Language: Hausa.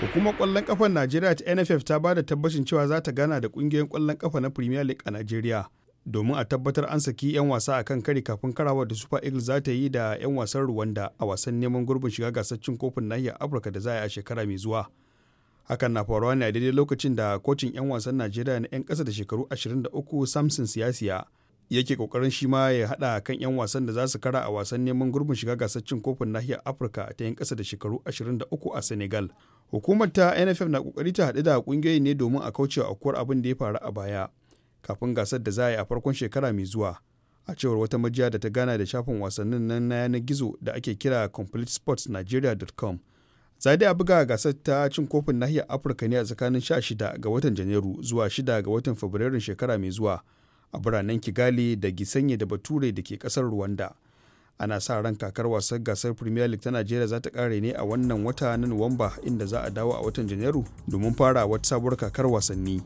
Hukumar kwallon kafar Najeriya ta NFF ta ba da tabbacin cewa za ta gana da kungiyoyin kwallon kafa na Premier League a Najeriya domin a tabbatar an saki 'yan wasa a kan kari kafin karawar da Super Eagles za ta yi da 'yan wasan Rwanda a wasan neman gurbin shiga gasar cin kofin nahiyar Afirka da za a a shekara mai zuwa. Hakan na faruwa ne a daidai lokacin da kocin 'yan wasan Najeriya na 'yan ƙasa da shekaru 23 Samson Siyasiya yake kokarin shi ma ya hada kan 'yan wasan da za su kara a wasan neman gurbin shiga gasar cin kofin nahiyar afirka ta yan kasa da shekaru 23 a senegal hukumar ta nff na kokari ta haɗu da kungiyoyi ne domin a kaucewa aukuwar abin da ya faru a baya kafin gasar da za a yi a farkon shekara mai zuwa a cewar wata majiya da ta gana da shafin wasannin nan na yanar gizo da ake kira completesportsnigeria.com za a buga gasar ta cin kofin nahiyar afirka ne a tsakanin 16 ga watan janairu zuwa 6 ga watan fabrairun shekara mai zuwa a biranen kigali da gisanye da bature da ke kasar rwanda ana sa ran kakar wasan gasar premier league ta najeriya za ta kare ne a wannan wata na nuwamba inda za a dawo a watan janairu domin fara wata sabuwar kakar wasanni